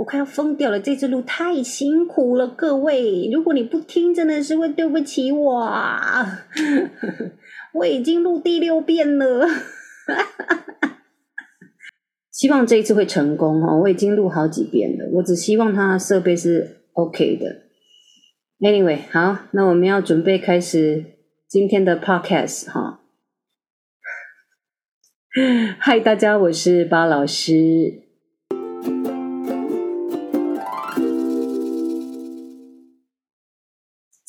我快要瘋掉了，這次錄太辛苦了，各位！如果你不聽，真的是會對不起我啊。 我已經錄第六遍了， 希望這一次會成功哈！我已經錄好幾遍了，我只希望它的設備是 OK 的。Anyway，好，那我們要準備開始今天的 Podcast 哈。Hi，大家，我是巴老師。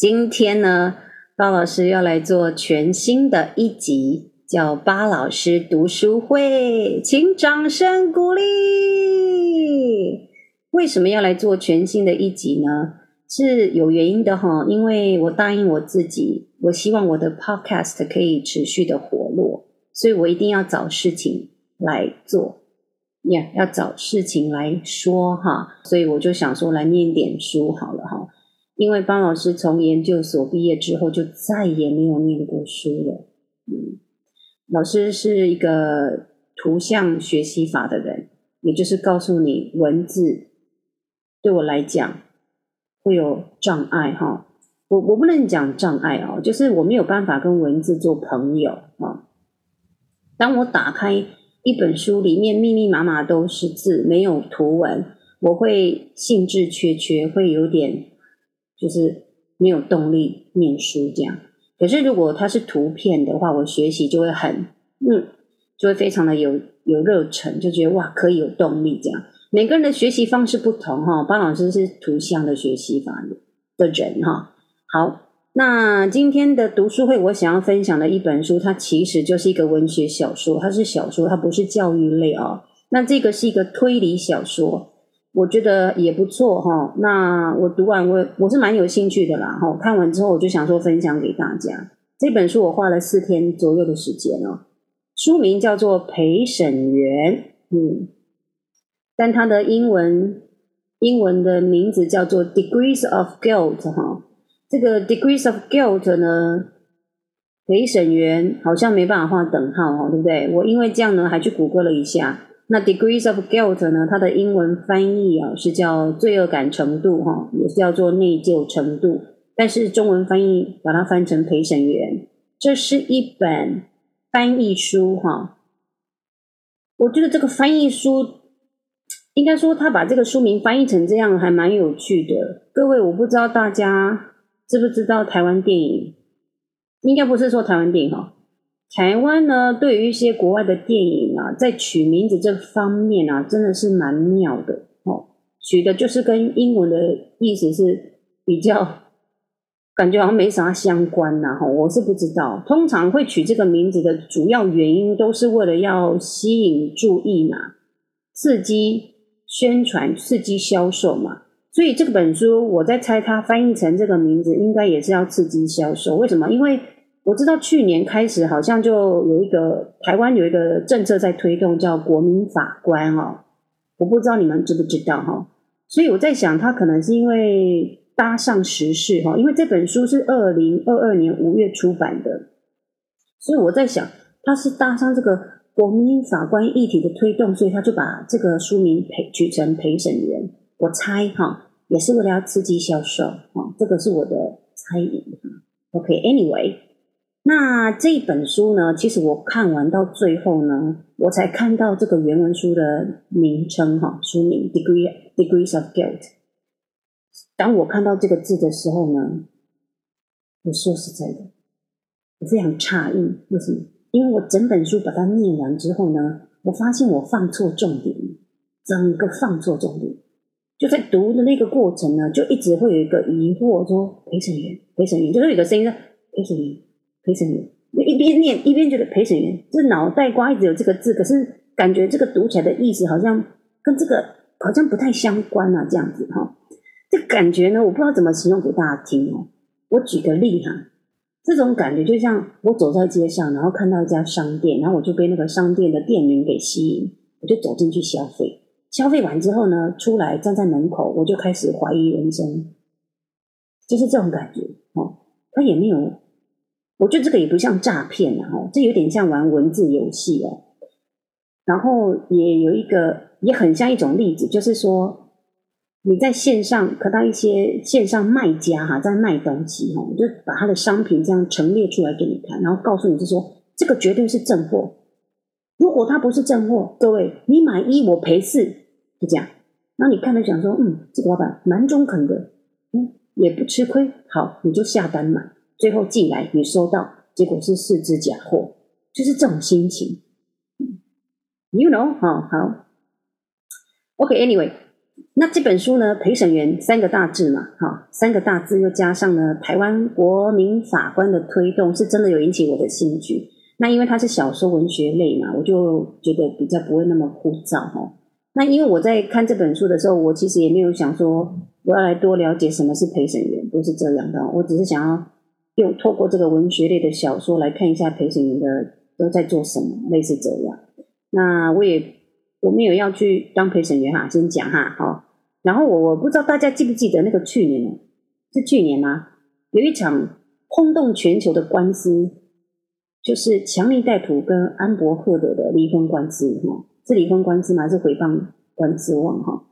今天呢，巴老師要來做全新的一集，叫《巴老師讀書會》，請掌聲鼓勵。為什麼要來做全新的一集呢？是有原因的哈，因為我答應我自己，我希望我的 podcast 可以持續的活絡，所以我一定要找事情來做，呀，yeah，要找事情來說哈，所以我就想說來念點書好了哈。因為巴老師從研究所畢業之後，就再也沒有念過書了。嗯，老師是一個圖像學習法的人，也就是告訴你文字對我來講會有障礙哈。我我不能講障礙哦，就是我沒有辦法跟文字做朋友啊。當我打開一本書，裡面密密麻麻都是字，沒有圖文，我會興致缺缺，會有點。就是沒有動力念書這樣，可是如果它是圖片的話，我學習就會很嗯，就會非常的有有熱忱，就覺得哇，可以有動力這樣。每個人的學習方式不同哈，巴老師是圖像的學習法的人哈。好，那今天的讀書會我想要分享的一本書，它其實就是一個文學小說，它是小說，它不是教育類哦，那這個是一個推理小說。我覺得也不錯哈，那我讀完我我是蠻有興趣的啦哈。看完之後我就想說分享給大家。這本書我花了四天左右的時間哦，書名叫做《陪審員》，嗯，但它的英文英文的名字叫做《Degrees of Guilt》哈。這個《Degrees of Guilt》呢，陪審員好像沒辦法畫等號哈，對不對？我因為這樣呢，還去谷歌了一下。那 Degrees of Guilt 呢？它的英文翻譯啊，是叫罪惡感程度，哈，也是叫做內疚程度。但是中文翻譯把它翻成陪審員，這是一本翻譯書，哈。我覺得這個翻譯書，應該說他把這個書名翻譯成這樣，還蠻有趣的。各位，我不知道大家知不知道台灣電影，應該不是說台灣電影，哈。台灣呢，對於一些國外的電影啊，在取名字這方面啊，真的是蠻妙的哦。取的就是跟英文的意思是比較，感覺好像沒啥相關吶、啊。哈、哦，我是不知道。通常會取這個名字的主要原因，都是為了要吸引注意嘛，刺激宣傳、刺激銷售嘛。所以這本書，我在猜它翻譯成這個名字，應該也是要刺激銷售。為什麼？因為。我知道去年開始好像就有一個台灣有一個政策在推動，叫國民法官哦。我不知道你們知不知道哈，所以我在想，他可能是因為搭上時事哈，因為這本書是二零二二年五月出版的，所以我在想，他是搭上這個國民法官議題的推動，所以他就把這個書名取成陪審員。我猜哈，也是為了要刺激銷售啊，這個是我的猜疑。OK，Anyway。Okay, anyway, 那這本書呢？其實我看完到最後呢，我才看到這個原文書的名稱哈，書名《Degree Degrees of Guilt》。當我看到這個字的時候呢，我說實在的，我非常詫異，為什麼？因為我整本書把它念完之後呢，我發現我放錯重點，整個放錯重點，就在讀的那個過程呢，就一直會有一個疑惑，說陪審員，陪審員，就是有個聲音說，陪審員。陪審員，一邊念一邊覺得陪審員，這腦袋瓜一直有這個字，可是感覺這個讀起來的意思好像跟這個好像不太相關啊，這樣子哈、哦，這感覺呢，我不知道怎麼形容給大家聽哦。我舉個例哈，這種感覺就像我走在街上，然後看到一家商店，然後我就被那個商店的店名給吸引，我就走進去消費，消費完之後呢，出來站在門口，我就開始懷疑人生，就是這種感覺哦，他也沒有。我覺得這個也不像詐騙啊，哈，這有點像玩文字遊戲哦。然後也有一個也很像一種例子，就是說你在線上看到一些線上賣家哈，在賣東西哈，我就把他的商品這樣陳列出來給你看，然後告訴你就說，這個絕對是正貨。如果他不是正貨，各位你買一我賠四，就這樣。然後你看了想說，嗯，這個老闆蠻中肯的，嗯，也不吃虧，好，你就下單買最後寄來，你收到，結果是四隻假貨，就是這種心情。You know，、哦、好，好，OK，Anyway，、okay, 那這本書呢？陪審員三個大字嘛，哈、哦，三個大字又加上呢，台灣國民法官的推動，是真的有引起我的興趣。那因為它是小說文學類嘛，我就覺得比較不會那麼枯燥哈、哦。那因為我在看這本書的時候，我其實也沒有想說我要來多了解什麼是陪審員，不是這樣的，我只是想要。又透過這個文學類的小說來看一下陪審員的都在做什麼，類似這樣。那我也我沒有要去當陪審員哈，先講哈好。然後我我不知道大家記不記得那個去年，是去年嗎？有一場轟動全球的官司，就是強尼戴普跟安伯赫德的離婚官司哈，是離婚官司嗎？還是誹謗官司嗎？我忘了哈，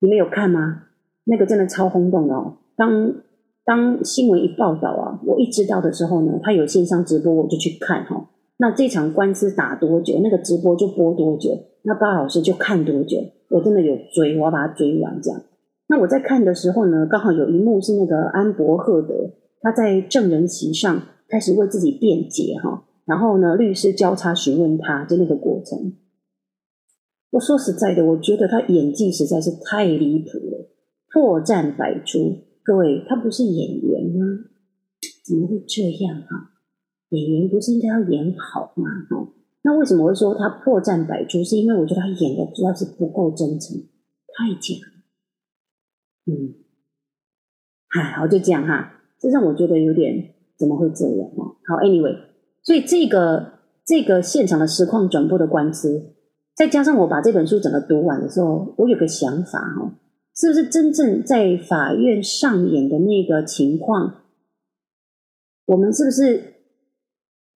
你們有看嗎？那個真的超轟動的哦，當。當新聞一報道啊，我一知道的時候呢，他有線上直播，我就去看哈、哦。那這場官司打多久，那個直播就播多久，那巴老師就看多久。我真的有追，我要把他追完這樣。那我在看的時候呢，剛好有一幕是那個安伯赫德他在證人席上開始為自己辯解哈、哦，然後呢，律師交叉詢問他，就那個過程。我說實在的，我覺得他演技實在是太離譜了，破綻百出。各位，他不是演員嗎？怎麼會這樣啊？演員不是應該要演好嗎？那為什麼我會說他破綻百出？是因為我覺得他演的主要是不夠真誠，太假。嗯，嗨，好，就這樣哈、啊，這讓我覺得有點怎麼會這樣、啊、好，anyway，所以這個這個現場的實況轉播的官司，再加上我把這本書整個讀完的時候，我有個想法哈、啊。是不是真正在法院上演的那個情況？我們是不是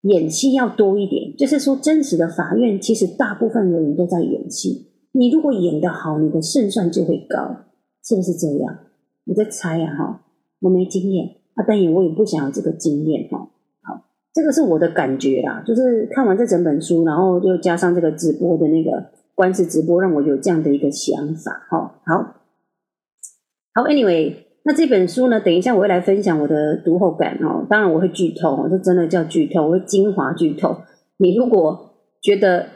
演戲要多一點？就是說，真實的法院其實大部分的人都在演戲。你如果演得好，你的勝算就會高，是不是這樣？我在猜啊，哈，我沒經驗啊，但也我也不想要這個經驗哈。好，這個是我的感覺啦，就是看完這整本書，然後又加上這個直播的那個官司直播，讓我有這樣的一個想法哈。好。好，Anyway，那這本書呢，等一下我會來分享我的讀後感哦。當然我會劇透，這真的叫劇透，我會精華劇透。你如果覺得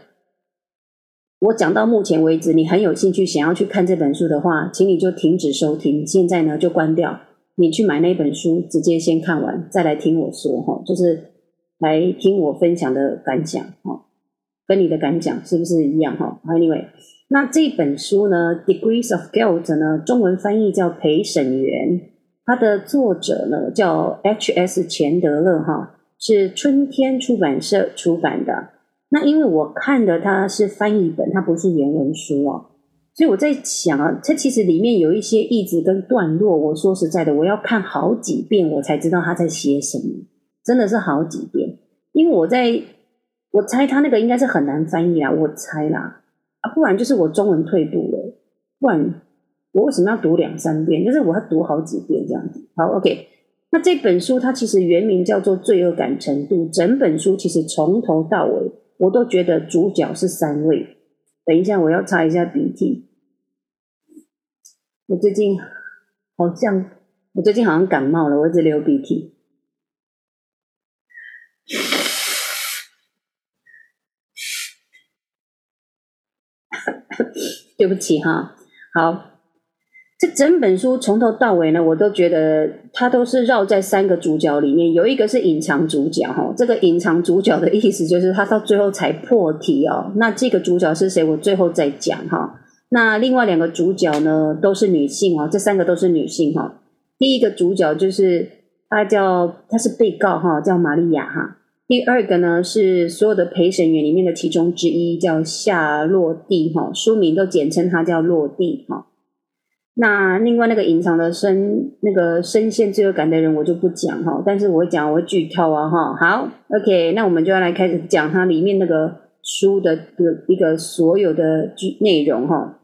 我講到目前為止你很有興趣，想要去看這本書的話，請你就停止收聽，現在呢就關掉，你去買那本書，直接先看完，再來聽我說哈、哦。就是來聽我分享的感想哈、哦，跟你的感想是不是一樣哈、哦？Anyway。那這本書呢，《Degrees of Guilt》呢，中文翻譯叫《陪審員》，它的作者呢叫 H.S. 錢德勒，哈，是春天出版社出版的。那因為我看的它是翻譯本，它不是原文書哦，所以我在想啊，它其實裡面有一些句子跟段落，我說實在的，我要看好幾遍，我才知道他在寫什麼，真的是好幾遍。因為我在，我猜他那個應該是很難翻譯啊，我猜啦。啊、不然就是我中文退步了，不然我為什麼要讀兩三遍？就是我要讀好幾遍這樣子。好，OK。那這本書它其實原名叫做《罪惡感程度》，整本書其實從頭到尾我都覺得主角是三位。等一下我要擦一下鼻涕，我最近好像，我最近好像感冒了，我一直流鼻涕。對不起哈，好，這整本書從頭到尾呢，我都覺得它都是繞在三個主角裡面，有一個是隱藏主角哈，這個隱藏主角的意思就是他到最後才破題哦，那這個主角是誰，我最後再講哈。那另外兩個主角呢，都是女性哦，這三個都是女性哈。第一個主角就是她叫她是被告哈，叫瑪利亞哈。第二個呢，是所有的陪審員裡面的其中之一，叫夏洛蒂哈。書名都簡稱他叫洛蒂哈。那另外那個隱藏的深，那個深陷罪惡感的人，我就不講哈。但是我講，我劇透啊哈。好，OK，那我們就要來開始講它裡面那個書的一個一個所有的劇內容哈。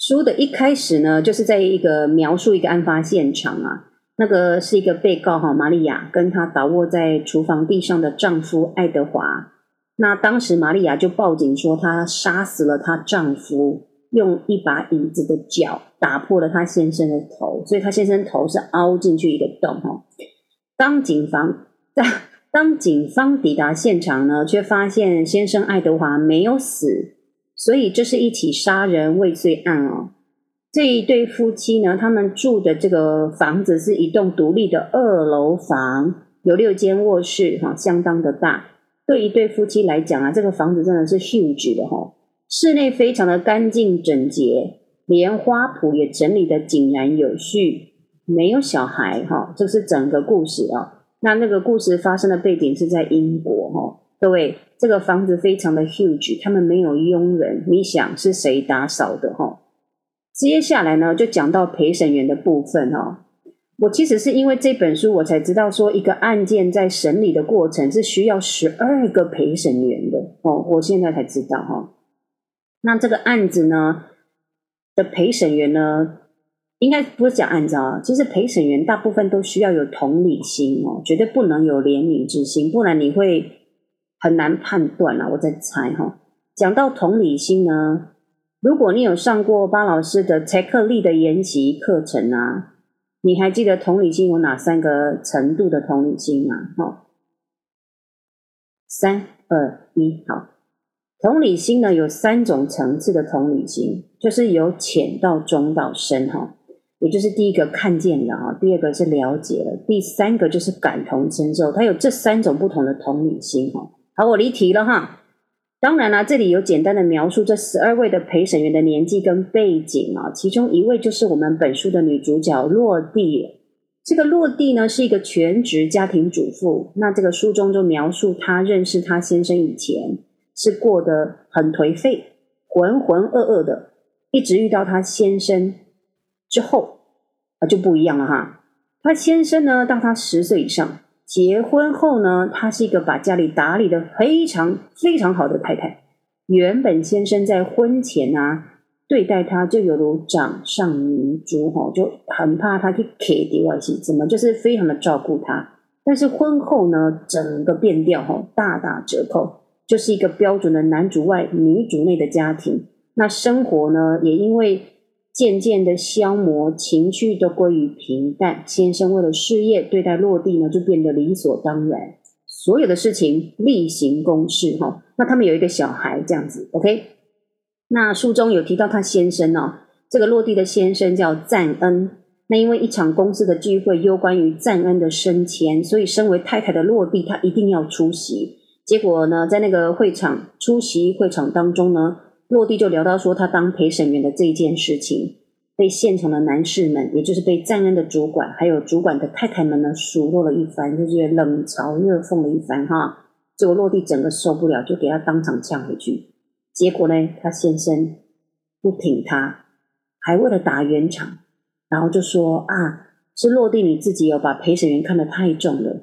書的一開始呢，就是在一個描述一個案發現場啊。那個是一個被告哈，瑪麗亞跟她倒臥在廚房地上的丈夫愛德華。那當時瑪麗亞就報警說她殺死了她丈夫，用一把椅子的腳打破了她先生的頭，所以她先生頭是凹進去一個洞哈。當警方在當，當警方抵達現場呢，卻發現先生愛德華沒有死，所以這是一起殺人未遂案哦。這一對夫妻呢，他們住的這個房子是一棟獨立的二樓房，有六間臥室，哈，相當的大。對一對夫妻來講啊，這個房子真的是 huge 的，哈。室內非常的乾淨整潔，連花圃也整理得井然有序。沒有小孩，哈，這是整個故事。那那個故事發生的背景是在英國，哈，各位，這個房子非常的 huge，他們沒有傭人，你想是誰打掃的，哈？接下來呢，就講到陪審員的部分哦。我其實是因為這本書，我才知道說一個案件在審理的過程是需要十二個陪審員的哦。我現在才知道哈、哦。那這個案子呢的陪審員呢，應該不是講案子啊，其實陪審員大部分都需要有同理心哦，絕對不能有憐憫之心，不然你會很難判斷啦。我在猜哈、哦。講到同理心呢，如果你有上過巴老師的柴可力的研習課程啊，你還記得同理心有哪三個程度的同理心嗎、啊？哈、哦，三二一，好，同理心呢有三種層次的同理心，就是由淺到中到深，哈，也就是第一個看見了，哈，第二個是了解了，第三個就是感同身受，它有這三種不同的同理心，哈，好，我離題了哈。當然啦、啊，這裡有簡單的描述這十二位的陪審員的年紀跟背景啊。其中一位就是我們本書的女主角洛蒂。這個洛蒂呢，是一個全職家庭主婦。那這個書中就描述她認識她先生以前是過得很頹廢、渾渾噩噩的，一直遇到她先生之後啊就不一樣了哈。她先生呢，大她十歲以上。結婚後呢，她是一個把家裡打理得非常非常好的太太。原本先生在婚前啊，對待她就猶如掌上明珠哈，就很怕她去 K 掉外星，怎麼就是非常的照顧她。但是婚後呢，整個變調哈，大打折扣，就是一個標準的男主外女主內的家庭。那生活呢，也因為。漸漸的消磨，情緒都歸於平淡。先生為了事業，對待落地呢，就變得理所當然，所有的事情例行公事哈、哦。那他們有一個小孩這樣子，OK。那書中有提到他先生哦，這個落地的先生叫贊恩。那因為一場公司的聚會攸關於贊恩的升遷，所以身為太太的落地，他一定要出席。結果呢，在那個會場出席會場當中呢。落地就聊到說，他當陪審員的這一件事情，被現場的男士們，也就是被贊恩的主管，還有主管的太太們呢，數落了一番，就覺得冷嘲熱諷了一番哈。結果落地整個受不了，就給他當場嗆回去。結果呢，他先生不挺他，還為了打圓場，然後就說啊，是落地你自己有把陪審員看得太重了，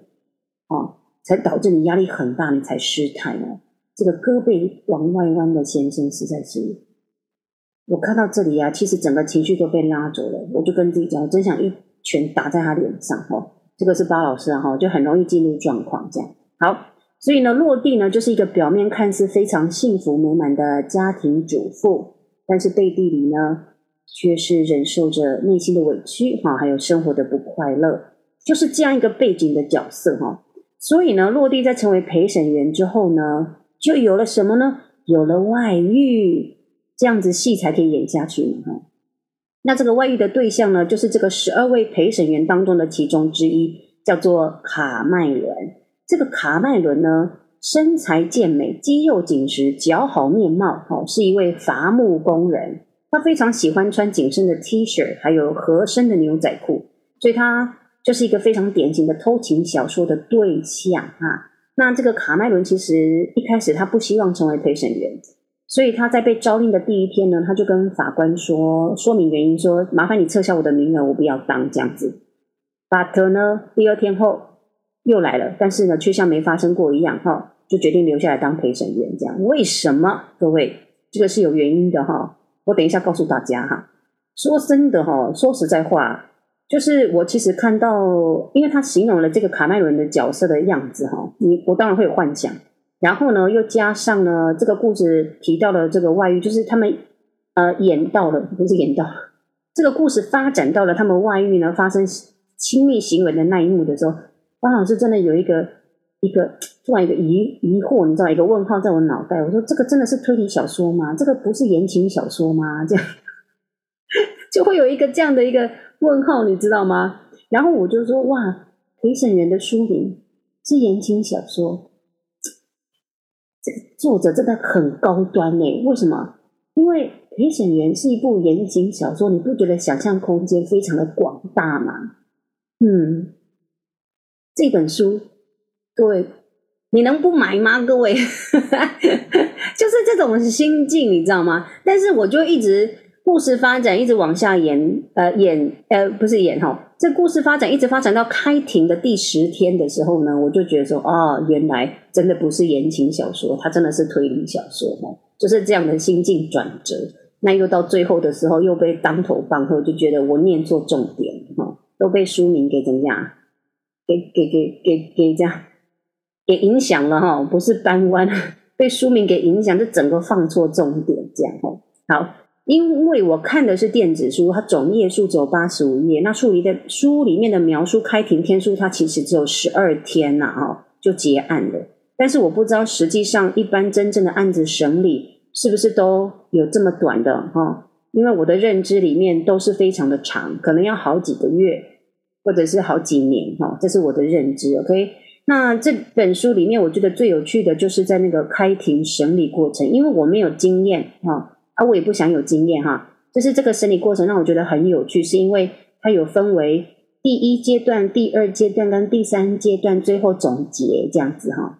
哦，才導致你壓力很大，你才失態呢。這個胳膊往外彎的先生實在是，我看到這裡啊，其實整個情緒都被拉走了。我就跟自己講，我真想一拳打在他臉上。哈、哦，這個是巴老師啊，哈、哦，就很容易進入狀況。這樣好，所以呢，落地呢就是一個表面看似非常幸福美滿的家庭主婦，但是背地裡呢卻是忍受着內心的委屈，哈、哦，還有生活的不快樂，就是這樣一個背景的角色，哈、哦。所以呢，落地在成為陪審員之後呢。就有了什麼呢？有了外遇，這樣子戲才可以演下去嘛！哈，那這個外遇的對象呢，就是這個十二位陪審員當中的其中之一，叫做卡麥倫。這個卡麥倫呢，身材健美，肌肉緊實，姣好面貌，哈、哦，是一位伐木工人。他非常喜歡穿緊身的 T 恤，還有合身的牛仔褲，所以他就是一個非常典型的偷情小說的對象啊。那這個卡麥倫其實一開始他不希望成為陪審員，所以他在被召令的第一天呢，他就跟法官說，說明原因說，說麻煩你撤銷我的名額，我不要當這樣子。But 呢，第二天後又來了，但是呢卻像沒發生過一樣，哈，就決定留下來當陪審員這樣。為什麼？各位，這個是有原因的，哈。我等一下告訴大家哈。說真的，哈，說實在話。就是我其實看到，因為他形容了這個卡耐倫的角色的樣子哈，你我當然會有幻想。然後呢，又加上呢，這個故事提到了這個外遇，就是他們呃演到了，不是演到這個故事發展到了他們外遇呢發生親密行為的那一幕的時候，巴老師真的有一個一個突然一個疑疑惑，你知道一個問號在我腦袋，我說這個真的是推理小說嗎？這個不是言情小說嗎？這樣就會有一個這樣的一個。問號，你知道嗎？然後我就說哇，《陪審員》的書名是言情小說，這這個作者真的很高端嘞、欸。為什麼？因為《陪審員》是一部言情小說，你不覺得想象空間非常的廣大嗎？嗯，這本書，各位，你能不買嗎？各位， 就是這種心境，你知道嗎？但是我就一直。故事發展一直往下延，呃演，呃不是演哈，這故事發展一直發展到開庭的第十天的時候呢，我就覺得說，哦，原來真的不是言情小說，它真的是推理小說哦，就是這樣的心境轉折。那又到最後的時候又被當頭棒喝，就覺得我念錯重點哈，都被書名給怎麼樣，給給給給給這樣給影響了哈，不是單彎，被書名給影響，就整個放錯重點這樣哈，好。因為我看的是電子書，它總頁數只有八十五頁。那書裡的書裡面的描述開庭天數，它其實只有十二天吶，哦，就結案了。但是我不知道實際上一般真正的案子審理是不是都有這麼短的哈、哦？因為我的認知裡面都是非常的長，可能要好幾個月或者是好幾年哈、哦。這是我的認知。OK，那這本書裡面我覺得最有趣的就是在那個開庭審理過程，因為我沒有經驗哈。哦啊，我也不想有經驗哈，就是這個審理過程讓我覺得很有趣，是因為它有分為第一階段、第二階段跟第三階段，最後總結這樣子哈。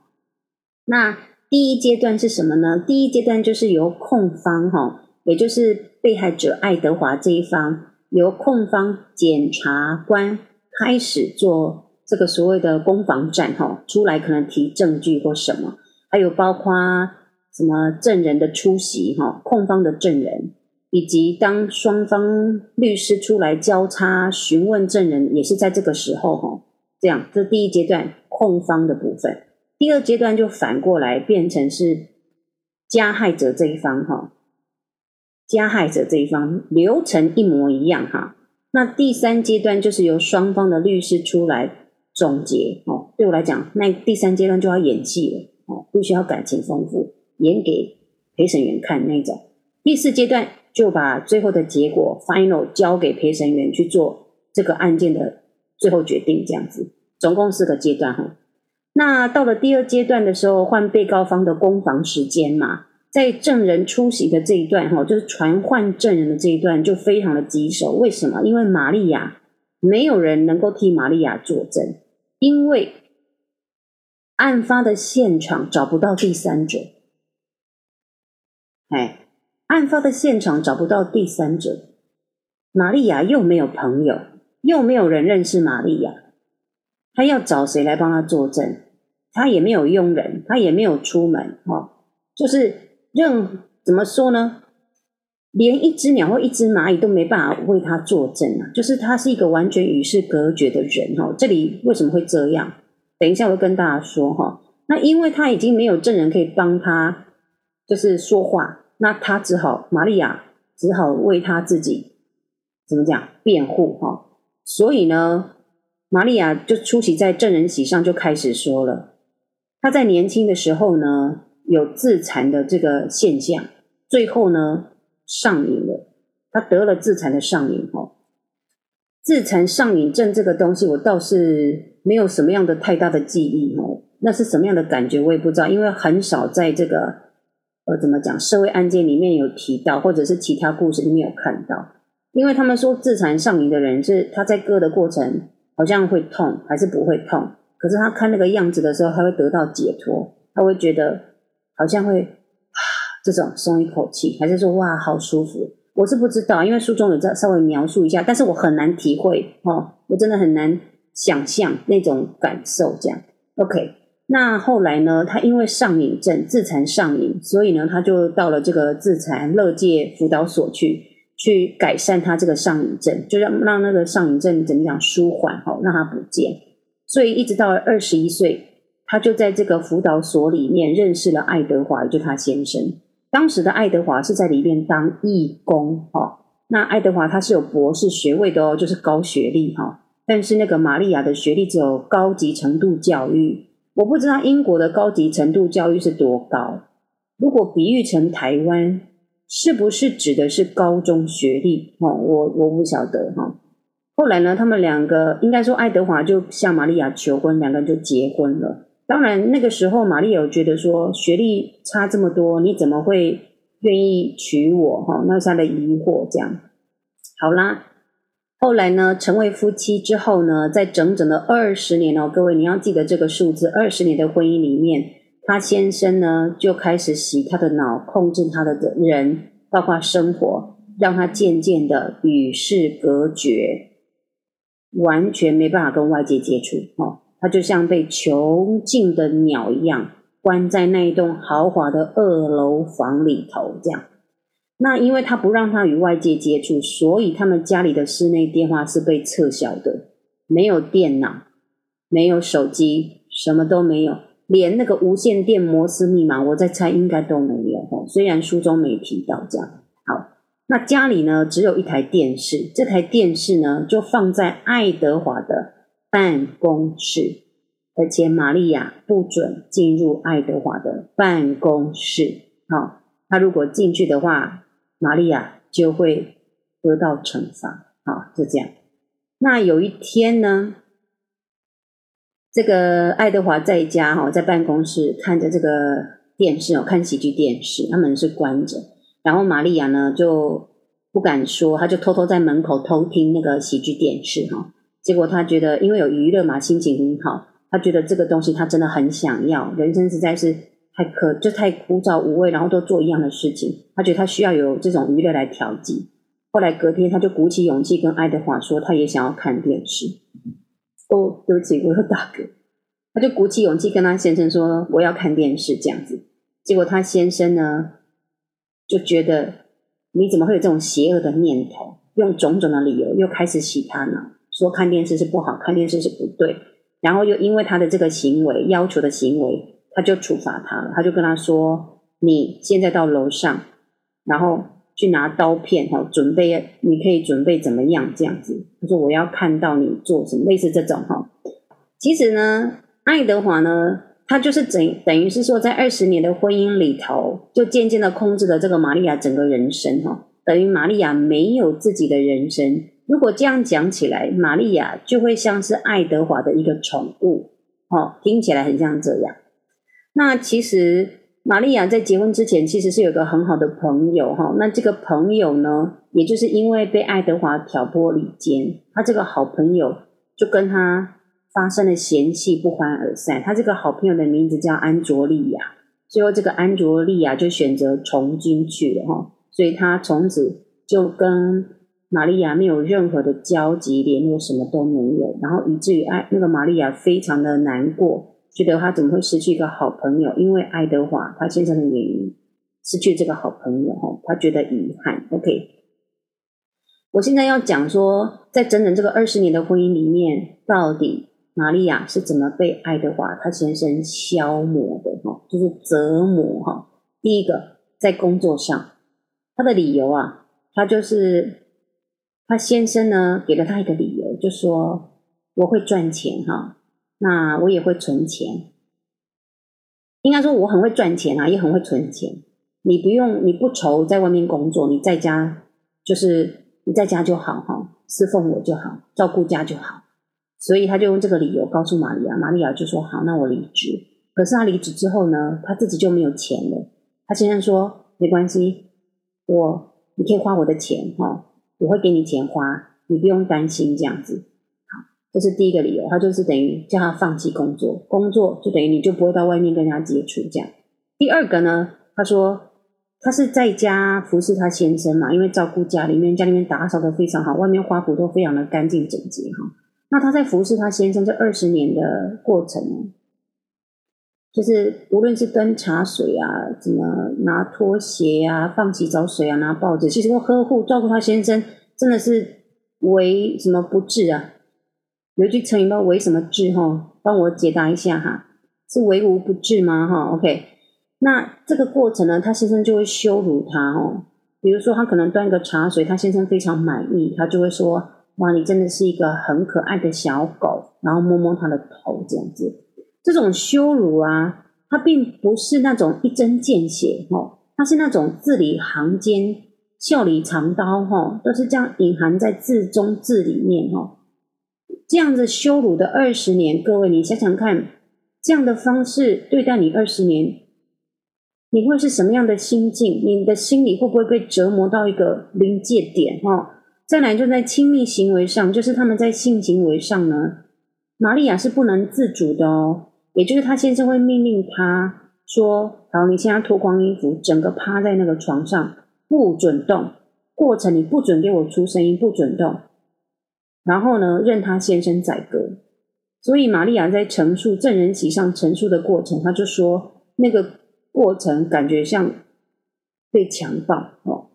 那第一階段是什麼呢？第一階段就是由控方哈，也就是被害者愛德華這一方，由控方檢察官開始做這個所謂的攻防戰哈，出來可能提證據或什麼，還有包括。什麼證人的出席哈？控方的證人，以及當雙方律師出來交叉詢問證人，也是在這個時候哈。這樣，這第一階段控方的部分，第二階段就反過來變成是加害者這一方哈。加害者這一方流程一模一樣哈。那第三階段就是由雙方的律師出來總結哦。對我來講，那第三階段就要演戲了哦，必須要感情豐富。演給陪審員看那種。第四階段就把最後的結果 final 交給陪審員去做這個案件的最後決定，這樣子，總共四個階段哈。那到了第二階段的時候，換被告方的攻防時間嘛，在證人出席的這一段哈，就是傳喚證人的這一段就非常的棘手。為什麼？因為瑪利亞沒有人能夠替瑪利亞作證，因為案發的現場找不到第三者。哎，案發的現場找不到第三者，瑪利亞又沒有朋友，又沒有人認識瑪利亞，她要找誰來幫她作證？她也沒有傭人，她也沒有出門，哈、哦，就是任怎麼說呢，連一只鳥或一只螞蟻都沒辦法為她作證啊！就是她是一個完全與世隔絕的人，哈、哦。這裡為什麼會這樣？等一下我會跟大家說，哈、哦。那因為她已經沒有證人可以幫她。就是說話，那他只好瑪利亞只好為他自己怎麼講辯護哈、哦。所以呢，瑪利亞就出席在證人席上，就開始說了。他在年輕的時候呢，有自殘的這個現象，最後呢上癮了。他得了自殘的上癮哈、哦。自殘上癮症這個東西，我倒是沒有什麼樣的太大的記憶、哦。那是什麼樣的感覺，我也不知道，因為很少在這個。我怎麼講？社會案件裡面有提到，或者是其他故事裡面有看到，因為他們說自殘上癮的人，是他在割的過程好像會痛，還是不會痛？可是他看那個樣子的時候，他會得到解脫，他會覺得好像會、啊、這種鬆一口氣，還是說哇好舒服？我是不知道，因為書中有在稍微描述一下，但是我很難體會哦，我真的很難想象那種感受。這樣，OK。那後來呢？他因為上癮症自殘上癮，所以呢，他就到了這個自殘樂界輔導所去，去改善他這個上癮症，就是讓那個上癮症怎麼講舒緩哈，讓他不見。所以一直到二十一歲，他就在這個輔導所裡面認識了愛德華，就他先生。當時的愛德華是在裡面當義工哈。那愛德華他是有博士學位的哦，就是高學歷哈。但是那個瑪利亞的學歷只有高級程度教育。我不知道英國的高級程度教育是多高，如果比喻成台灣，是不是指的是高中學歷？哈、哦，我我不曉得哈、哦。後來呢，他們兩個應該說愛德華就向瑪麗亞求婚，兩個人就結婚了。當然那個時候瑪麗亞覺得說學歷差這麼多，你怎麼會願意娶我？哈、哦，那他的疑惑這樣。好啦。後來呢，成為夫妻之後呢，在整整的二十年哦，各位你要記得這個數字，二十年的婚姻裡面，他先生呢就開始洗他的腦，控制他的人，包括生活，讓他漸漸的與世隔絕，完全沒辦法跟外界接觸哦。他就像被囚禁的鳥一樣，關在那一棟豪華的二樓房裡頭這樣。那因為他不讓他與外界接觸，所以他們家裡的室內電話是被撤銷的，沒有電腦，沒有手機，什麼都沒有，連那個無線電摩斯密碼，我在猜應該都沒有。雖然書中沒提到這樣。好，那家裡呢，只有一台電視，這台電視呢就放在愛德華的辦公室，而且瑪利亞不准進入愛德華的辦公室。好，他如果進去的話，瑪利亞就會得到懲罰，好，就這樣。那有一天呢，這個愛德華在家哈，在辦公室看着這個電視哦，看喜劇電視，他門是關著。然後瑪利亞呢就不敢說，他就偷偷在門口偷聽那個喜劇電視哈。結果他覺得，因為有娛樂嘛，心情很好，他覺得這個東西他真的很想要，人生實在是。太可，就太枯燥無味，然後都做一樣的事情。他覺得他需要有這種娛樂來調劑。後來隔天，他就鼓起勇氣跟愛德華說，他也想要看電視。嗯、哦，對不起，我說大哥。他就鼓起勇氣跟他先生說，我要看電視這樣子。結果他先生呢，就覺得你怎麼會有這種邪惡的念頭？用種種的理由又開始洗他腦，說看電視是不好，看電視是不對。然後又因為他的這個行為，要求的行為。他就處罰他了，他就跟他說：“你現在到樓上，然後去拿刀片，哈，準備你可以準備怎麼樣這樣子。”他說：“我要看到你做什麼，類似這種哈。”其實呢，愛德華呢，他就是等等於是說，在二十年的婚姻裡頭，就漸漸的控制了這個瑪利亞整個人生，哈，等於瑪利亞沒有自己的人生。如果這樣講起來，瑪利亞就會像是愛德華的一個寵物，哦，聽起來很像這樣。那其實，瑪利亞在結婚之前其實是有個很好的朋友哈。那這個朋友呢，也就是因為被愛德華挑撥離間，他這個好朋友就跟他發生了嫌隙，不歡而散。他這個好朋友的名字叫安卓利亞，最後這個安卓利亞就選擇從軍去了哈。所以他從此就跟瑪利亞沒有任何的交集，連什麼都沒有。然後以至於愛那個瑪利亞非常的難過。覺得他怎麼會失去一個好朋友？因為愛德華他先生的原因失去這個好朋友哈，他覺得遺憾。OK，我現在要講說，在整整這個二十年的婚姻裡面，到底瑪利亞是怎麼被愛德華他先生消磨的哈？就是折磨哈。第一個，在工作上，他的理由啊，他就是他先生呢給了他一個理由，就說我會賺錢哈。那我也會存錢，應該說我很會賺錢啊，也很會存錢。你不用，你不愁在外面工作，你在家就是你在家就好哈，侍奉我就好，照顧家就好。所以他就用這個理由告訴瑪利亞，瑪利亞就說：“好，那我離職。”可是他離職之後呢，他自己就沒有錢了。他先生說：“沒關係，我你可以花我的錢哈，我會給你錢花，你不用擔心這樣子。”這是第一個理由，他就是等於叫他放棄工作，工作就等於你就不會到外面跟人家接觸這樣。第二個呢，他說他是在家服侍他先生嘛，因為照顧家裡面，家裡面打掃得非常好，外面花圃都非常的乾淨整潔哈。那他在服侍他先生這二十年的過程呢，就是無論是端茶水啊，怎麼拿拖鞋啊，放洗澡水啊，拿報紙，其實都呵護照顧他先生，真的是為什麼不治啊？有一句成語叫“為什麼治”哈，幫我解答一下哈，是“為無不治”嗎哈？OK，那這個過程呢，他先生就會羞辱他哦。比如說，他可能端一個茶水，他先生非常滿意，他就會說：“哇，你真的是一個很可愛的小狗。”然後摸摸他的頭，這樣子。這種羞辱啊，它並不是那種一針見血哈，它是那種字裡行間、笑裡藏刀哈，都是這樣隱含在字中字裡面哈。這樣子羞辱的二十年，各位，你想想看，這樣的方式對待你二十年，你會是什麼樣的心境？你的心理會不會被折磨到一個臨界點？哈、哦，再來就在親密行為上，就是他們在性行為上呢，瑪利亞是不能自主的哦，也就是她先生會命令她說：“好，你現在脫光衣服，整個趴在那個床上，不准動，過程你不准給我出聲音，不准動。”然後呢，任他先生宰割。所以瑪利亞在陳述證人席上陳述的過程，他就說那個過程感覺像被強暴哦，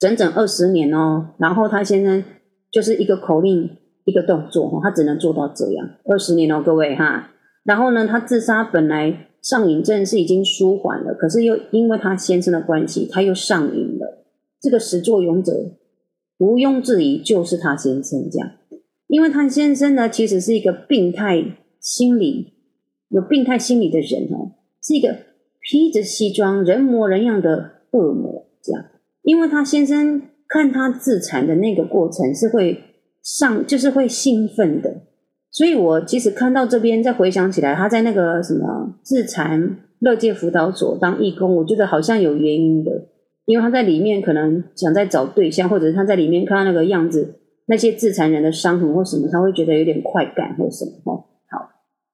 整整二十年哦。然後他先生就是一個口令，一個動作哦，他只能做到這樣二十年哦，各位哈。然後呢，他自殺本來上癮症是已經舒緩了，可是又因為他先生的關係，他又上癮了。這個始作俑者。毋庸置疑，就是他先生這樣，因為他先生呢，其實是一個病態心理、有病態心理的人哦、啊，是一個披着西裝、人模人樣的惡魔這樣。因為他先生看他自殘的那個過程是會上，就是會興奮的，所以我即使看到這邊，再回想起來，他在那個什麼自殘樂界輔導所當義工，我覺得好像有原因的。因為他在裡面可能想再找對象，或者是他在裡面看到那個樣子，那些自殘人的傷痕或什麼，他會覺得有點快感或什麼哦，好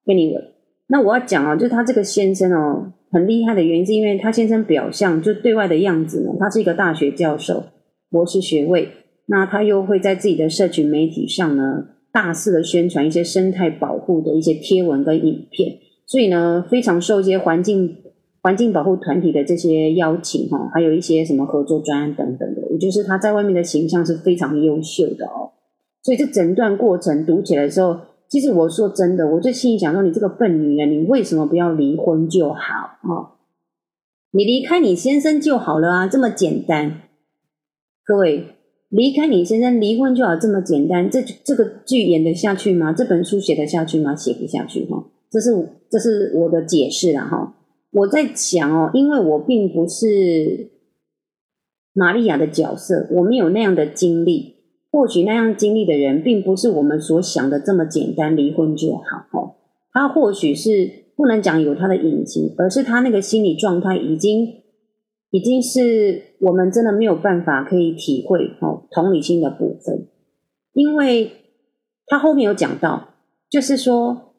anyway 那我要講啊，就是他這個先生哦，很厲害的原因是因為他先生表象就對外的樣子呢，他是一個大學教授，博士學位，那他又會在自己的社群媒體上呢大肆的宣傳一些生態保護的一些貼文跟影片，所以呢非常受一些環境。環境保護團體的這些邀請哈，還有一些什麼合作專案等等的，我覺得他在外面的形象是非常優秀的哦。所以這整段過程讀起來的時候，其實我說真的，我最心裡想說，你這個笨女人，你為什麼不要離婚就好哈？你離開你先生就好了啊，這麼簡單。各位，離開你先生離婚就好，這麼簡單，這這個劇演得下去嗎？這本書寫得下去嗎？寫不下去哈，這是這是我的解釋了哈。我在想哦，因為我並不是瑪利亞的角色，我沒有那樣的經歷。或許那樣經歷的人，並不是我們所想的這麼簡單，離婚就好。哦，他或許是不能講，有他的隱情，而是他那個心理狀態已經已經是我們真的沒有辦法可以體會哦，同理心的部分。因為他後面有講到，就是說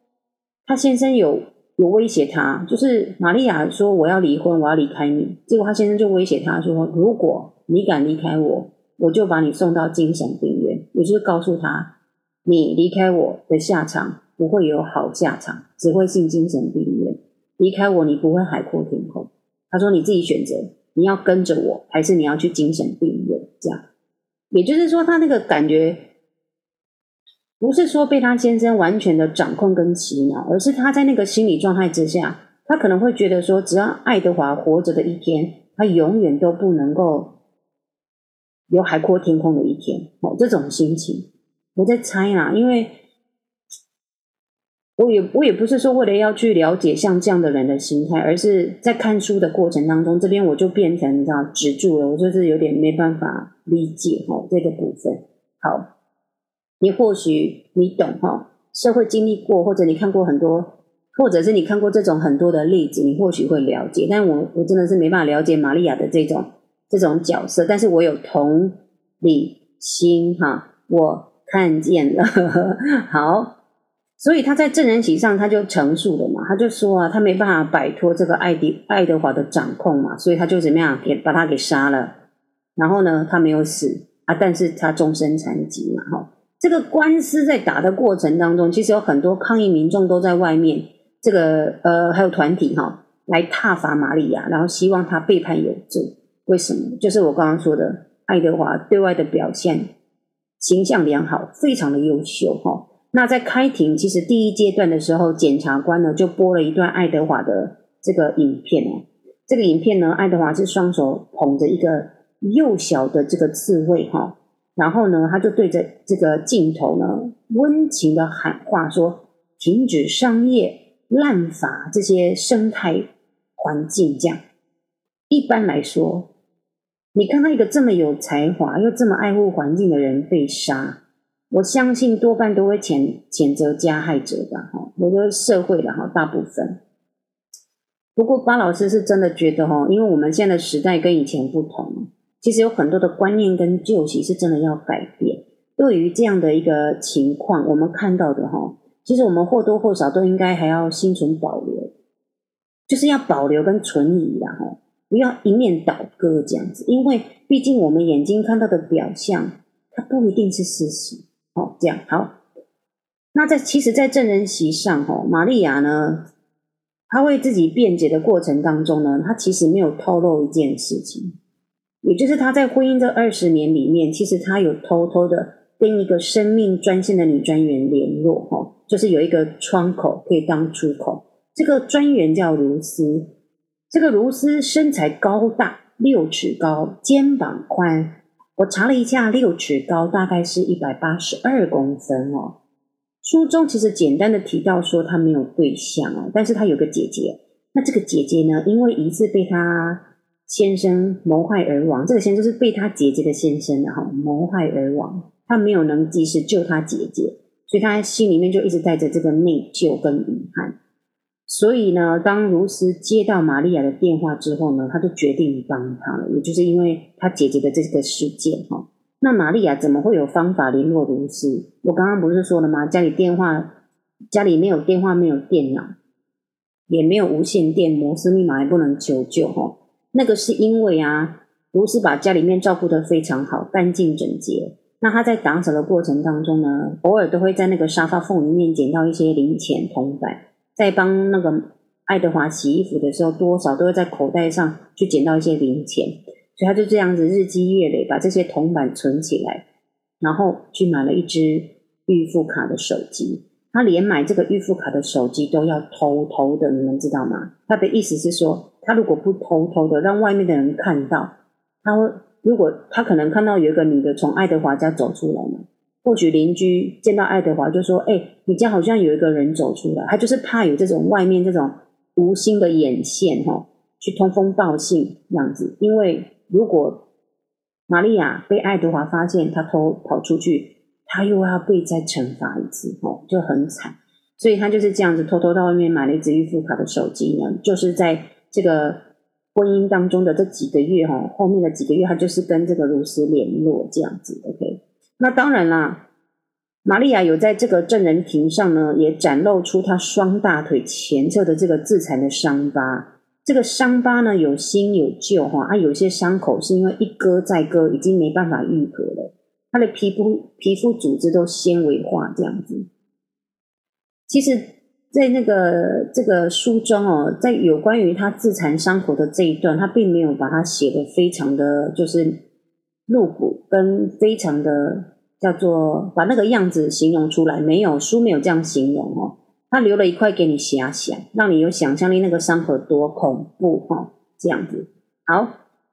他先生有。我威脅他，就是瑪利亞說我要離婚，我要離開你。結果他先生就威脅他說，如果你敢離開我，我就把你送到精神病院。我就告訴他，你離開我的下場不會有好下場，只會進精神病院。離開我，你不會海闊天空。他說你自己選擇，你要跟着我，還是你要去精神病院？這樣，也就是說，他那個感覺。不是說被他先生完全的掌控跟洗腦，而是他在那個心理狀態之下，他可能會覺得說，只要愛德華活着的一天，他永遠都不能夠有海闊天空的一天。哦，這種心情，我在猜啦。因為我也我也不是說為了要去了解像這樣的人的心態，而是在看書的過程當中，這邊我就變成你知道止住了，我就是有點沒辦法理解哦，這個部分。好。你或許你懂哈，社會經歷過，或者你看過很多，或者是你看過這種很多的例子，你或許會了解。但我我真的是沒辦法了解瑪利亞的這種這種角色，但是我有同理心哈，我看見了。呵呵。好，所以他在證人席上他就陳述了嘛，他就說啊，他沒辦法擺脫這個愛迪愛德華的掌控嘛，所以他就怎麼樣給把他給殺了。然後呢，他沒有死啊，但是他終身殘疾嘛，哈。這個官司在打的過程當中，其實有很多抗議民眾都在外面，這個呃還有團體哈、哦、來撻伐瑪利亞，然後希望他被判有罪。為什麼？就是我剛剛說的，愛德華對外的表現形象良好，非常的優秀、哦。哈，那在開庭，其實第一階段的時候，檢察官呢就播了一段愛德華的這個影片、哦、這個影片呢，愛德華是雙手捧着一個幼小的這個刺蝟哈。然後呢，他就對着這個鏡頭呢，溫情的喊話說：“停止商業濫伐這些生態環境。”這樣，一般來說，你看到一個這麼有才華又這麼愛護環境的人被殺，我相信多半都會譴譴責加害者的哈，我覺得社會的哈，大部分。不過，巴老師是真的覺得哈，因為我們現在的時代跟以前不同。其實有很多的觀念跟舊習是真的要改變。對於這樣的一個情況，我們看到的哈，其實我們或多或少都應該還要心存保留，就是要保留跟存疑然後，不要一面倒戈這樣子。因為畢竟我們眼睛看到的表象，它不一定是事實哦。這樣好。那在其實，在證人席上哈，瑪利亞呢，她為自己辯解的過程當中呢，她其實沒有透露一件事情。也就是他在婚姻這二十年裡面，其實他有偷偷的跟一個生命專線的女專員聯絡，哦，就是有一個窗口可以當出口。這個專員叫盧斯，這個盧斯身材高大，六尺高，肩膀寬。我查了一下，六尺高大概是一百八十二公分哦。書中其實簡單的提到說他沒有對象哦，但是他有個姐姐。那這個姐姐呢，因為一次被他。先生謀害而亡，這個先生就是被他姐姐的先生的謀害而亡，他沒有能及時救他姐姐，所以他心裡面就一直帶着這個內疚跟遺憾。所以呢，當盧斯接到瑪利亞的電話之後呢，他就決定幫他了，也就是因為他姐姐的這個事件哈。那瑪利亞怎麼會有方法聯絡盧斯？我剛剛不是說了嗎？家裡電話，家裡沒有電話，沒有電腦，也沒有無線電，摩斯密碼也不能求救哈。那個是因為啊，盧斯把家裡面照顧得非常好，乾淨整潔。那他在打掃的過程當中呢，偶爾都會在那個沙發縫裡面撿到一些零錢銅板。在幫那個愛德華洗衣服的時候，多少都會在口袋上去撿到一些零錢。所以他就這樣子日積月累，把這些銅板存起來，然後去買了一支預付卡的手機。他連買這個預付卡的手機都要偷偷的，你們知道嗎？他的意思是說，他如果不偷偷的讓外面的人看到，他會如果他可能看到有一個女的從愛德華家走出來呢，或許鄰居見到愛德華就說：“哎、欸，你家好像有一個人走出來。”他就是怕有這種外面這種無心的眼線哈，去通風報信這樣子。因為如果瑪利亞被愛德華發現，他偷跑出去。他又要被再懲罰一次，哦，就很慘。所以他就是這樣子，偷偷到外面買了一支預付卡的手機呢。就是在這個婚姻當中的這幾個月，哈，後面的幾個月，他就是跟這個露絲聯絡這樣子。OK，那當然啦，瑪利亞有在這個證人庭上呢，也展露出她雙大腿前側的這個自殘的傷疤。這個傷疤呢，有新有舊，哈，啊，有些傷口是因為一割再割，已經沒辦法癒合了。他的皮膚、皮膚組織都纖維化，這樣子。其實，在那個這個書中哦，在有關於他自殘傷口的這一段，他並沒有把它寫得非常的，就是露骨跟非常的叫做把那個樣子形容出來，沒有書沒有這樣形容哦。他留了一塊給你遐想、啊啊，讓你有想象力，那個傷口多恐怖哦，這樣子。好，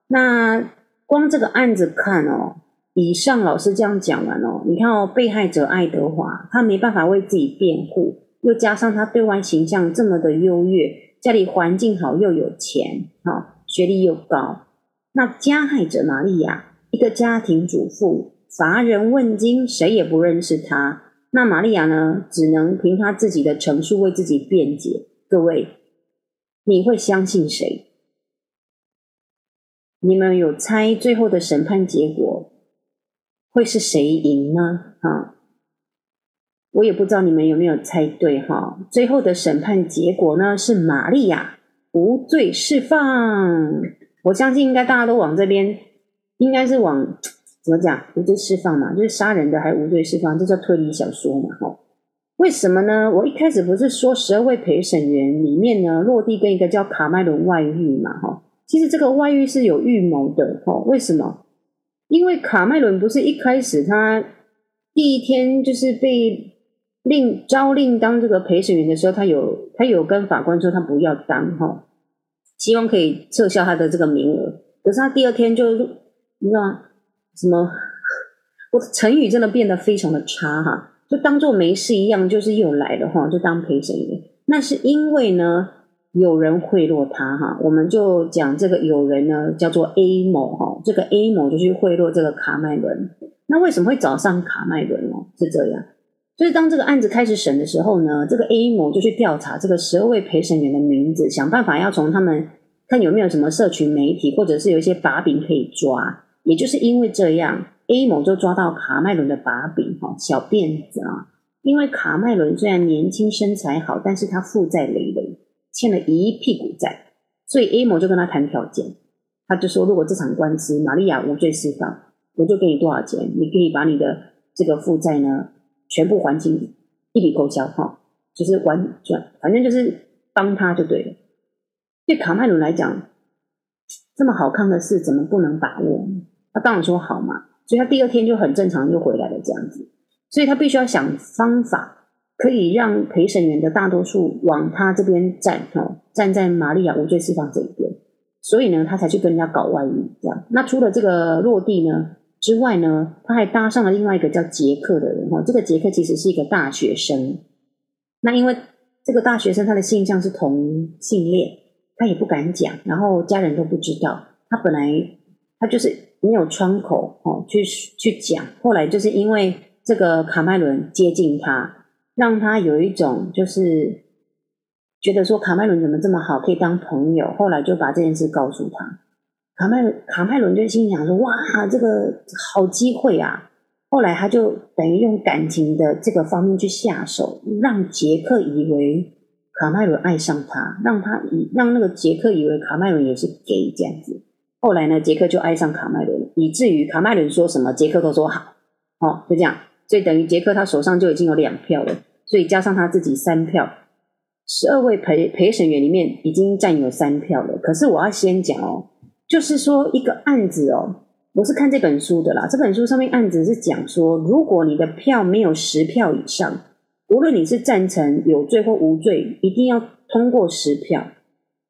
那光這個案子看哦。以上老師這樣講完哦，你看哦，被害者愛德華，他沒辦法為自己辯護，又加上他對外形象這麼的優越，家裡環境好又有錢，好、哦、學歷又高。那加害者瑪利亞，一個家庭主婦，乏人問津，誰也不認識他。那瑪利亞呢，只能憑他自己的陳述為自己辯解。各位，你會相信誰？你們有猜最後的審判結果？會是誰贏呢？哈，我也不知道你們有沒有猜對哈。最後的審判結果呢，是瑪利亞無罪釋放。我相信應該大家都往這邊，應該是往怎麼講，無罪釋放嘛，就是殺人的還無罪釋放，這叫推理小說嘛。哈，為什麼呢？我一開始不是說十二位陪審員裡面呢，落地跟一個叫卡麥倫外遇嘛。哈，其實這個外遇是有預謀的。哈，為什麼？因為卡麥倫不是一開始他第一天就是被令招令當這個陪審員的時候，他有他有跟法官說他不要當哈，希望可以撤銷他的這個名額。可是他第二天就你知道嗎？什麼？我成語真的變得非常的差哈，就當做沒事一樣，就是又來了哈，就當陪審員。那是因為呢？有人賄賂他哈，我們就講這個有人呢叫做 A 某哈，這個 A 某就去賄賂這個卡麥倫。那為什麼會找上卡麥倫呢？是這樣，所以當這個案子開始審的時候呢，這個 A 某就去調查這個十二位陪審員的名字，想辦法要從他們看有沒有什麼社群媒體或者是有一些把柄可以抓。也就是因為這樣，A 某就抓到卡麥倫的把柄哈，小辮子啊。因為卡麥倫雖然年輕身材好，但是他負債累累。欠了一屁股債，所以 A 某就跟他談條件，他就說：如果這場官司瑪利亞無罪釋放，我就給你多少錢，你可以把你的這個負債呢全部還清，一筆勾銷，哈，就是完全，反正就是幫他就對了。對卡麥倫來講，這麼好康的事怎麼不能把握呢？他當然說好嘛，所以他第二天就很正常又回來了這樣子，所以他必須要想方法。可以讓陪審員的大多數往他這邊站，哦，站在瑪利亞無罪釋放這一邊，所以呢，他才去跟人家搞外遇，這樣。那除了這個落地呢之外呢，他還搭上了另外一個叫傑克的人，哈，這個傑克其實是一個大學生。那因為這個大學生他的性向是同性戀，他也不敢講，然後家人都不知道，他本來他就是沒有窗口，哦，去去講。後來就是因為這個卡麥倫接近他。讓他有一種就是覺得說卡麥倫怎麼這麼好，可以當朋友，後來就把這件事告訴他。卡麥倫卡麥倫就心想說：“哇，這個好機會啊！”後來他就等於用感情的這個方面去下手，讓傑克以為卡麥倫愛上他，讓他以讓那個傑克以為卡麥倫也是 gay 這樣子。後來呢，傑克就愛上卡麥倫，以至於卡麥倫說什麼傑克都說好，哦，就這樣。所以等於傑克他手上就已經有兩票了，所以加上他自己三票，十二位陪陪審員裡面已經佔有三票了。可是我要先講哦，就是說一個案子哦，我是看這本書的啦。這本書上面案子是講說，如果你的票沒有十票以上，無論你是贊成有罪或無罪，一定要通過十票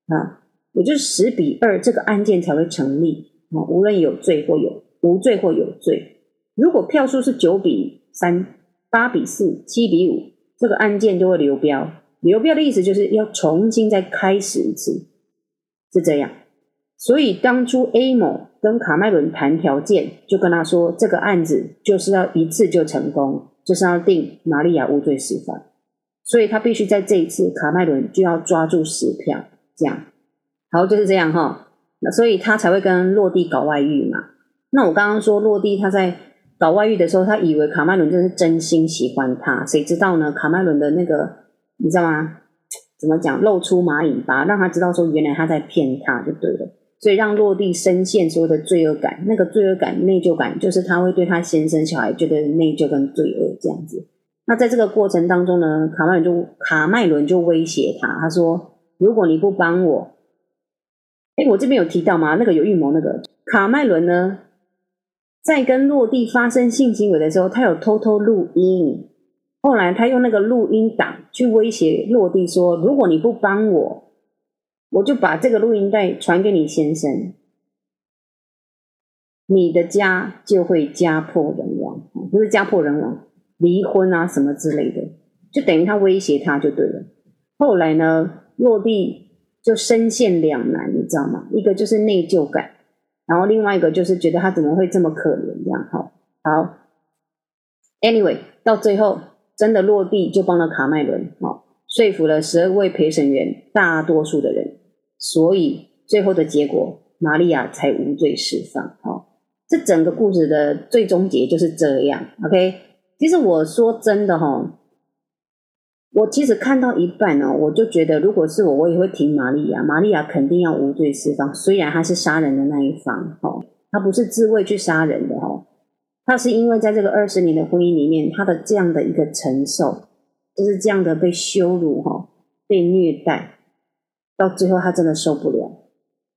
啊，也就是十比二這個案件才會成立啊。無論有罪或有無罪或有罪，如果票數是九比，三八比四七比五，這個案件就會流標。流標的意思就是要重新再開始一次，是這樣。所以當初 A 某跟卡麥倫談條件，就跟他說，這個案子就是要一次就成功，就是要定瑪利亞無罪釋放，所以他必須在這一次，卡麥倫就要抓住十票，這樣。好，就是這樣哈。那所以他才會跟洛蒂搞外遇嘛。那我剛剛說洛蒂，他在。搞外遇的時候，他以為卡麥倫就是真心喜歡他，誰知道呢？卡麥倫的那個，你知道嗎？怎麼講？露出馬尾巴，讓他知道說，原來他在騙他就對了。所以讓洛蒂深陷所有的罪惡感，那個罪惡感、內疚感，就是他會對他先生小孩覺得內疚跟罪惡這樣子。那在這個過程當中呢，卡麥倫就卡麥倫就威脅他，他說：“如果你不幫我，哎，我這邊有提到嗎？那個有預謀那個卡麥倫呢？”在跟落地發生性行為的時候，他有偷偷錄音。後來他用那個錄音檔去威脅落地，說：“如果你不幫我，我就把這個錄音帶傳給你先生，你的家就會家破人亡，不是家破人亡，離婚啊什麼之類的，就等於他威脅他就對了。”後來呢，落地就深陷兩難，你知道嗎？一個就是內疚感。然後另外一個就是覺得他怎麼會這麼可憐這樣好，好好。Anyway，到最後真的落地就幫了卡麥倫，好、哦、說服了十二位陪審員，大多數的人，所以最後的結果，瑪利亞才無罪釋放。好、哦，這整個故事的最終結就是這樣。OK，其實我說真的哈、哦。我其實看到一半哦，我就覺得，如果是我，我也會挺瑪利亞，瑪利亞肯定要無罪釋放。雖然他是殺人的那一方，哈，他不是自衛去殺人的，哈，他是因為在這個二十年的婚姻裡面，他的這樣的一個承受，就是這樣的被羞辱，哈，被虐待，到最後他真的受不了，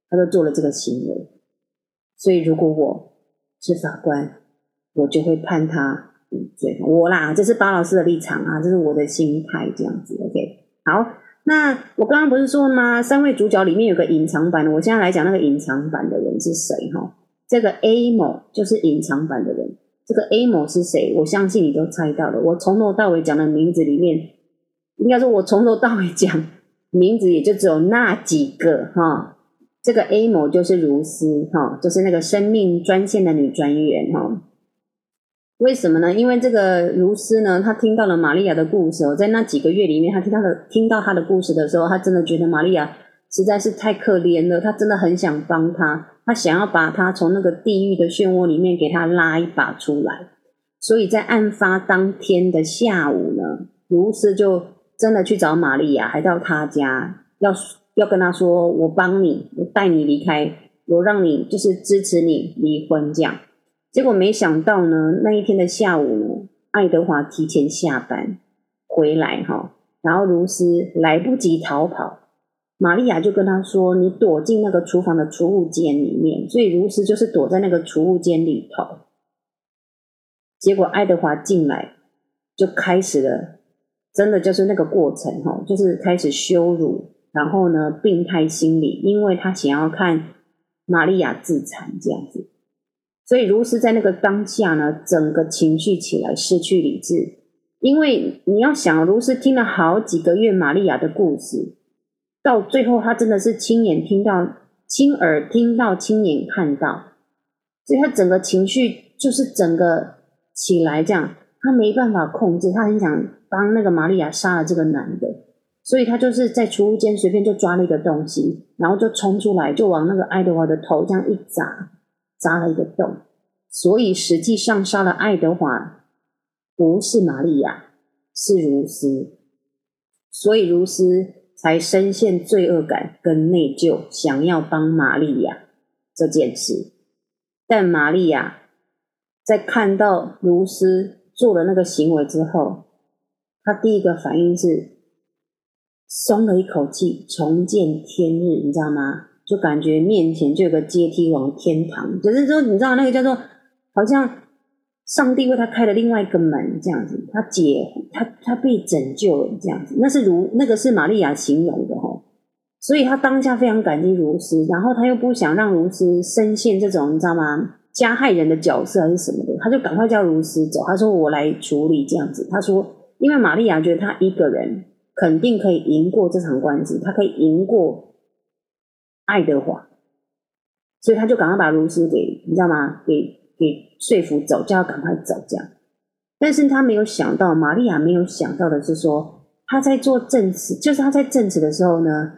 他就做了這個行為。所以，如果我是法官，我就會判他。對我啦，這是巴老師的立場啊，這是我的心態這樣子，OK。好，那我剛剛不是說嗎？三位主角裡面有個隱藏版的，我現在來講那個隱藏版的人是誰哈？這個 A 某就是隱藏版的人，這個 A 某是誰？我相信你都猜到了。我從頭到尾講的名字裡面，應該說我從頭到尾講名字也就只有那幾個哈。這個 A 某就是如斯哈，就是那個生命專線的女專員哈。為什麼呢？因為這個盧斯呢，他聽到了瑪利亞的故事。在那幾個月裡面，他聽到了聽到他的故事的時候，他真的覺得瑪利亞實在是太可憐了。他真的很想幫他，他想要把他從那個地獄的漩渦裡面給他拉一把出來。所以在案發當天的下午呢，盧斯就真的去找瑪利亞，還到他家，要要跟他說：“我幫你，我帶你離開，我讓你就是支持你離婚。”這樣。結果沒想到呢，那一天的下午，愛德華提前下班回來哈，然後盧斯來不及逃跑，瑪利亞就跟他說：“你躲進那個廚房的儲物間裡面。”所以盧斯就是躲在那個儲物間裡頭。結果愛德華進來，就開始了，真的就是那個過程哈，就是開始羞辱，然後呢，病態心理，因為他想要看瑪利亞自殘這樣子。所以，盧斯在那個當下呢，整個情緒起來，失去理智。因為你要想，盧斯聽了好幾個月瑪利亞的故事，到最後他真的是親眼聽到、親耳聽到、親眼看到，所以他整個情緒就是整個起來這樣，他沒辦法控制，他很想幫那個瑪利亞殺了這個男的，所以他就是在儲物間隨便就抓了一個東西，然後就衝出來，就往那個愛德華的頭這樣一砸。紮了一個洞，所以實際上殺了愛德華不是瑪利亞，是盧斯，所以盧斯才深陷罪惡感跟內疚，想要幫瑪利亞這件事。但瑪利亞在看到盧斯做了那個行為之後，他第一個反應是鬆了一口氣，重見天日，你知道嗎？就感覺面前就有個階梯往天堂，可是之後你知道那個叫做好像上帝為他開了另外一個門這樣子，他解他他被拯救了這樣子，那是如那個是瑪利亞形容的哈，所以他當下非常感激如斯，然後他又不想讓如斯深陷這種你知道嗎加害人的角色還是什麼的，他就趕快叫如斯走，他說我來處理這樣子，他說因為瑪利亞覺得他一個人肯定可以贏過這場官司，他可以贏過。愛德華，所以他就趕快把盧斯給，你知道嗎？給給說服走，就要趕快走這樣。但是他沒有想到，瑪利亞沒有想到的是說，他在做證詞，就是他在證詞的時候呢，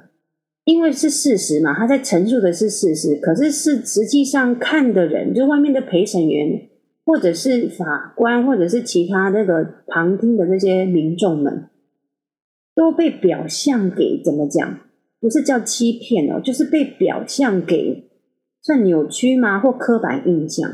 因為是事實嘛，他在陳述的是事實，可是是實際上看的人，就是、外面的陪審員，或者是法官，或者是其他那個旁聽的這些民眾們，都被表象給怎麼講？不是叫欺騙哦，就是被表象給算扭曲嗎？或刻板印象？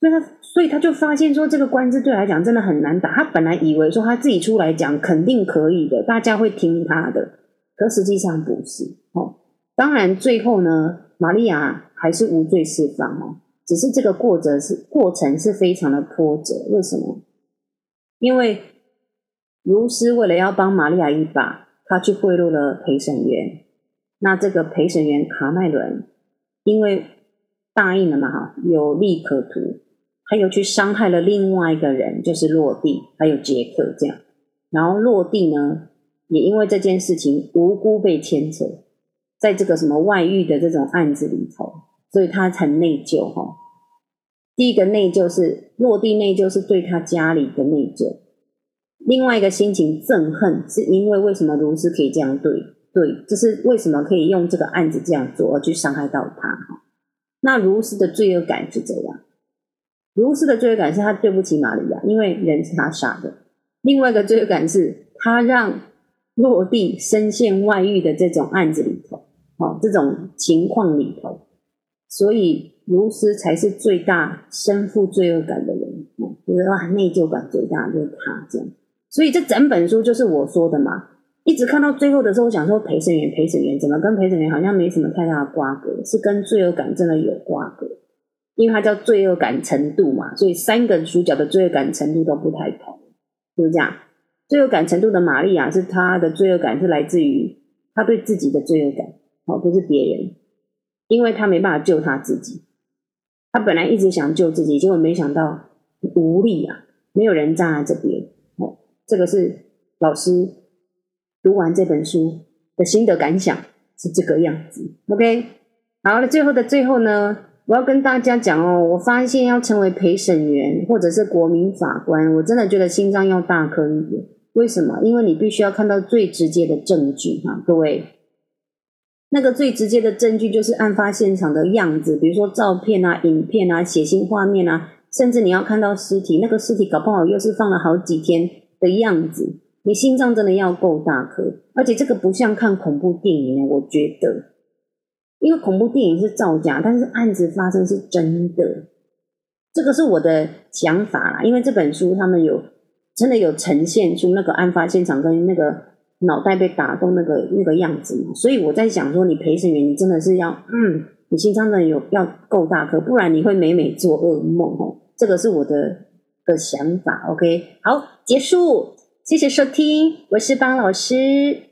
所以他，所以他就發現說，這個官司對他來講真的很難打。他本來以為說他自己出來講肯定可以的，大家會聽他的，可實際上不是哦。當然最後呢，瑪利亞還是無罪釋放哦。只是這個過程是過程是非常的波折。為什麼？因為盧斯為了要幫瑪利亞一把。他去賄賂了陪審員，那這個陪審員卡麥倫，因為答應了嘛，哈，有利可圖，他又去傷害了另外一個人，就是落地，還有傑克這樣，然後落地呢，也因為這件事情無辜被牽扯，在這個什麼外遇的這種案子裡頭，所以他很內疚、哦，哈。第一個內疚是落地內疚，是對他家裡的內疚。另外一個心情憎恨，是因為為什麼盧斯可以這樣對對？就是為什麼可以用這個案子這樣做，而去傷害到他？那盧斯的罪惡感是怎樣？盧斯的罪惡感是他對不起瑪利亞，因為人是他殺的。另外一個罪惡感是，他讓落地身陷外遇的這種案子裡頭，好，這種情況裡頭，所以盧斯才是最大身負罪惡感的人。就是哇，內疚感最大就是他這樣。所以這整本書就是我說的嘛，一直看到最後的時候，我想說陪審員、陪審員怎麼跟陪審員好像沒什麼太大的瓜葛，是跟罪惡感真的有瓜葛，因為它叫罪惡感程度嘛，所以三個主角的罪惡感程度都不太同，是不是這樣？罪惡感程度的瑪利亞是她的罪惡感是來自於她對自己的罪惡感，好、哦、不、就是別人，因為他沒辦法救他自己，他本來一直想救自己，結果沒想到無力啊，沒有人站在這邊。這個是老師讀完這本書的心得感想，是這個樣子。OK，好了，最後的最後呢，我要跟大家講哦，我發現要成為陪審員或者是國民法官，我真的覺得心臟要大顆一點。為什麼？因為你必須要看到最直接的證據哈、啊，各位。那個最直接的證據就是案發現場的樣子，比如說照片啊、影片啊、血腥畫面啊，甚至你要看到屍體。那個屍體搞不好又是放了好幾天的樣子，你心臟真的要夠大顆，而且這個不像看恐怖電影哦。我覺得，因為恐怖電影是造假，但是案子發生是真的。這個是我的想法啦，因為這本書他們有真的有呈現出那個案發現場跟那個腦袋被打中那個那個樣子嘛，所以我在想說，你陪審員，你真的是要，嗯，你心臟的有要夠大顆，不然你會每每做噩夢哦。這個是我的。的想法，OK，好，結束，謝謝收聽，我是巴老師。